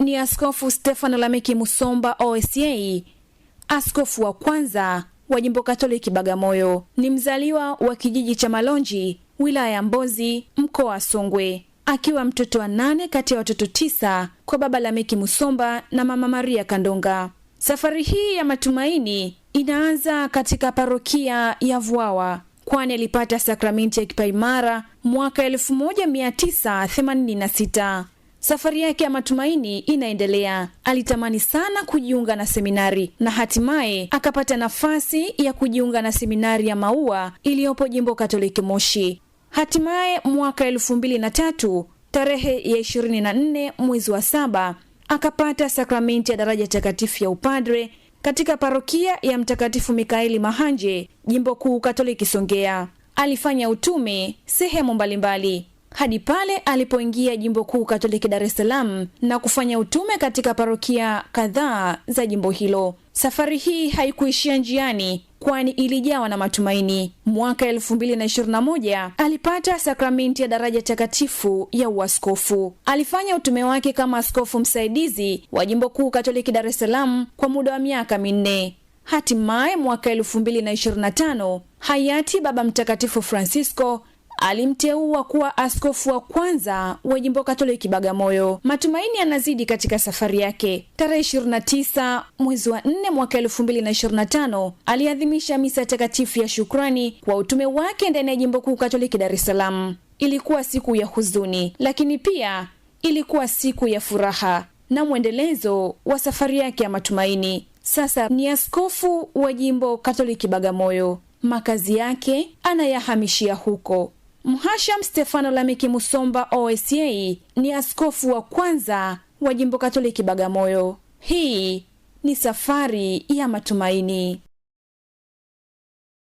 ni Askofu Stefano Lameki Musomba OSA, askofu wa kwanza wa jimbo Katoliki Bagamoyo. Ni mzaliwa wa kijiji cha Malonji, wilaya ya Mbozi, mkoa wa Songwe, akiwa mtoto wa nane kati ya watoto tisa kwa baba Lameki Musomba na mama Maria Kandonga. Safari hii ya matumaini inaanza katika parokia ya Vwawa kwani alipata sakramenti ya kipaimara mwaka 1986. Safari yake ya matumaini inaendelea. Alitamani sana kujiunga na seminari na hatimaye akapata nafasi ya kujiunga na seminari ya Maua iliyopo jimbo Katoliki Moshi. Hatimaye mwaka elfu mbili na tatu tarehe ya 24 mwezi wa saba akapata sakramenti ya daraja takatifu ya upadre katika parokia ya Mtakatifu Mikaeli Mahanje, jimbo kuu Katoliki Songea. Alifanya utume sehemu mbalimbali hadi pale alipoingia jimbo kuu Katoliki Dar es Salaam na kufanya utume katika parokia kadhaa za jimbo hilo. Safari hii haikuishia njiani kwani ilijawa na matumaini. Mwaka 2021 alipata sakramenti ya daraja takatifu ya uaskofu. Alifanya utume wake kama askofu msaidizi wa jimbo kuu Katoliki Dar es Salaam kwa muda wa miaka minne. Hatimaye mwaka 2025 hayati Baba Mtakatifu Francisco alimteua kuwa askofu wa kwanza wa jimbo Katoliki Bagamoyo. Matumaini yanazidi katika safari yake. Tarehe 29 mwezi wa 4 mwaka 2025 aliadhimisha misa takatifu ya shukrani kwa utume wake ndani ya jimbo kuu Katoliki Dar es Salaam. Ilikuwa siku ya huzuni, lakini pia ilikuwa siku ya furaha na mwendelezo wa safari yake ya matumaini. Sasa ni askofu wa jimbo Katoliki Bagamoyo, makazi yake anayahamishia huko Mhasham Stefano Lameki Musomba OSA ni askofu wa kwanza wa jimbo Katoliki Bagamoyo. Hii ni safari ya matumaini.